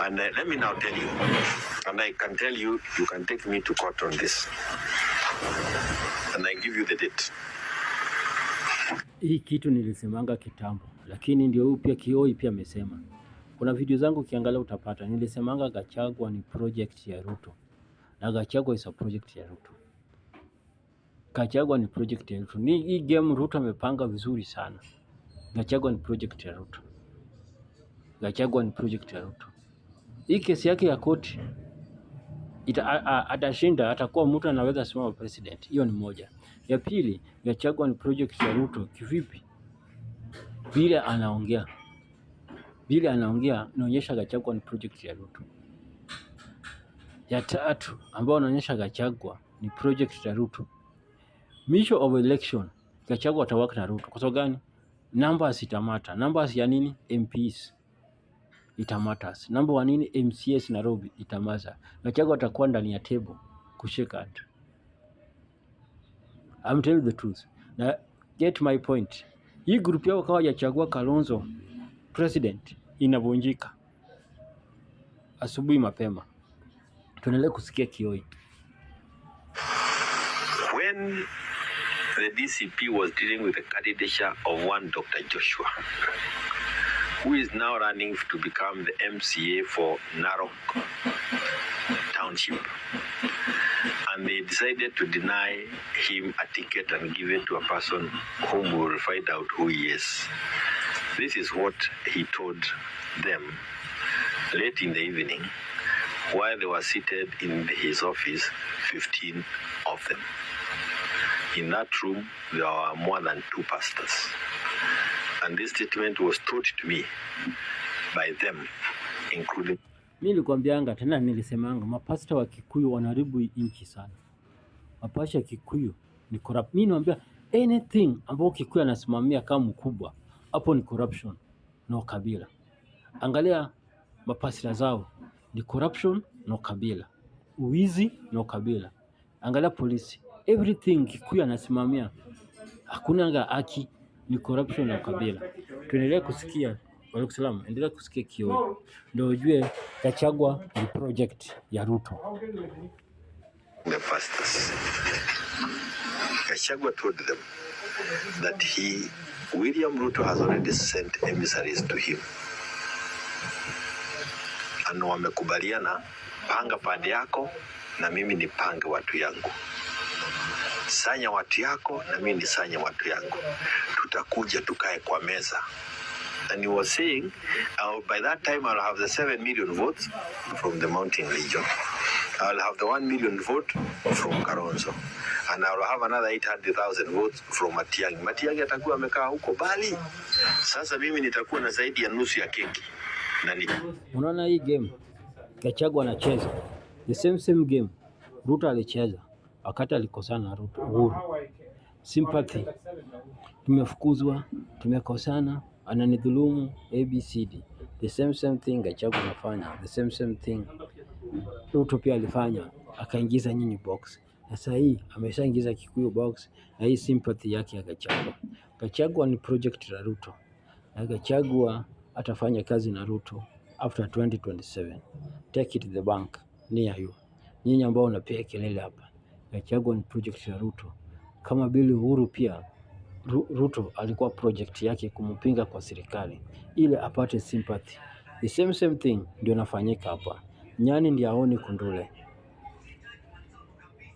And uh, let me now tell you, and I can tell you, you can take me to court on this. And I give you the date. Hii kitu nilisemanga kitambo, lakini ndio huyu pia Kioi pia amesema. Kuna video zangu ukiangalia utapata. Nilisemanga Gachagua ni project ya Ruto. Na Gachagua is a project ya Ruto. Gachagua ni project ya Ruto. Ni hii game Ruto amepanga vizuri sana. Gachagua ni project ya Ruto. Gachagua ni project ya Ruto hii kesi yake ya koti atashinda, atakuwa mtu anaweza simama president. Hiyo ni moja. Ya pili, Gachagua ni project ya Ruto kivipi? Vile anaongea vile anaongea inaonyesha Gachagua ni project ya Ruto. Ya tatu ambayo anaonyesha Gachagua ni project ya Ruto. Misho of election Gachagua atawaka na Ruto. Kwa sababu gani? Numbers itamata. Numbers ya nini? MPs itamatas. matters. Number nini MCS MCAs Nairobi itamaza. matters. Gachagua atakuwa ndani ya table kushake hand. I'm telling the truth. Na get my point. Hii group yao kawa hajachagua Kalonzo president inavunjika. Asubuhi mapema. Tuendelee kusikia Kioi. When the DCP was dealing with the candidature of one Dr. Joshua who is now running to become the MCA for Narok Township. And they decided to deny him a ticket and give it to a person whom will find out who he is. This is what he told them late in the evening while they were seated in his office, 15 of them. In that room, there were more than two pastors. And this statement was taught to me by them including. Mimi nilikwambianga tena, nilisemanga mapasta wa Kikuyu wanaribu inchi sana. Mapasta Kikuyu ni corrupt. Mimi niambia anything ambao Kikuyu anasimamia kama mkubwa hapo ni corruption no kabila. Angalia mapasta zao ni corruption no kabila, uwizi no kabila. Angalia polisi, everything Kikuyu anasimamia hakuna anga haki ni corruption na kabila. Tuendelee kusikia Walaikum salaam, endelea kusikia kio ndio ujue Gachagua ni project ya Ruto. The fastest. Gachagua told them that he, William Ruto has already sent emissaries to him. Ano wamekubaliana panga pande yako na mimi ni nipange watu yangu. Sanya watu yako na mimi ni sanya watu yangu tutakuja tukae kwa meza and he was saying uh, by that time I'll have the 7 million votes from the Mountain region I'll have the 1 million vote from Karonzo and I'll have another 800,000 votes from Matiang'i. Matiang'i atakuwa amekaa huko Bali. Sasa mimi nitakuwa na zaidi ya nusu ya keki. Nani? Unaona hii game Gachagua anacheza the same same game Ruto alicheza wakati alikosana na Ruto Uhuru sympathy. Tumefukuzwa, tumekosana, ananidhulumu ABCD. The same same thing Gachagua anafanya, the same same thing Ruto pia alifanya, akaingiza nyinyi box na sasa hii ameshaingiza Kikuyu box, na hii sympathy yake ya Gachagua. Gachagua ni project la Ruto na Gachagua atafanya kazi na Ruto after 2027. Take it to the bank near you. Nyinyi ambao unapiga kelele hapa, Gachagua ni project la Ruto. Kama vile Uhuru pia Ruto alikuwa project yake kumpinga kwa serikali ili apate sympathy. The same same thing ndio nafanyika hapa. Nyani ndiye aone kundule.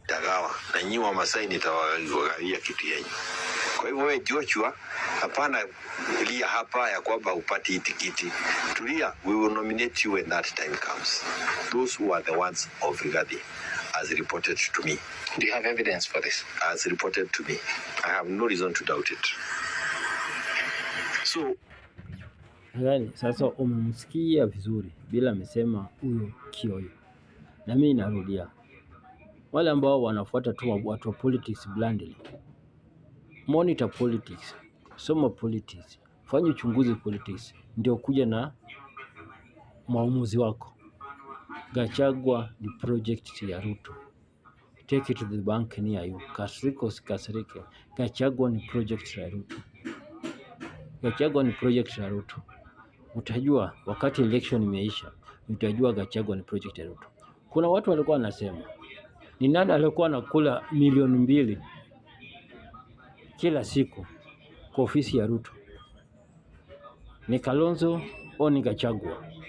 Tagawa na nyiwa wa Masai nitawagawia kitu yenyu. Kwa hivyo wewe Joshua, hapana lia hapa ya kwamba upati hii tikiti. Tulia, we will nominate you when that time comes. Those who are the ones of Rigathi as reported to me. Do you have evidence for this? As reported to me. I have no reason to doubt it. So, gani sasa, umemsikia vizuri bila amesema huyo kioyo. Na mimi narudia, wale ambao wanafuata tu watu wa politics blindly, monitor politics, soma politics, fanya uchunguzi politics, ndio kuja na maamuzi wako. Gachagua ni project ya Ruto. Take it to the bank near you. Kasirika usikasirike. Gachagua ni project ya Ruto. Gachagua ni project ya Ruto. Utajua wakati election imeisha, utajua Gachagua ni project ya Ruto. Kuna watu walikuwa wanasema ni nani alikuwa anakula milioni mbili kila siku kwa ofisi ya Ruto, ni Kalonzo au ni Gachagua?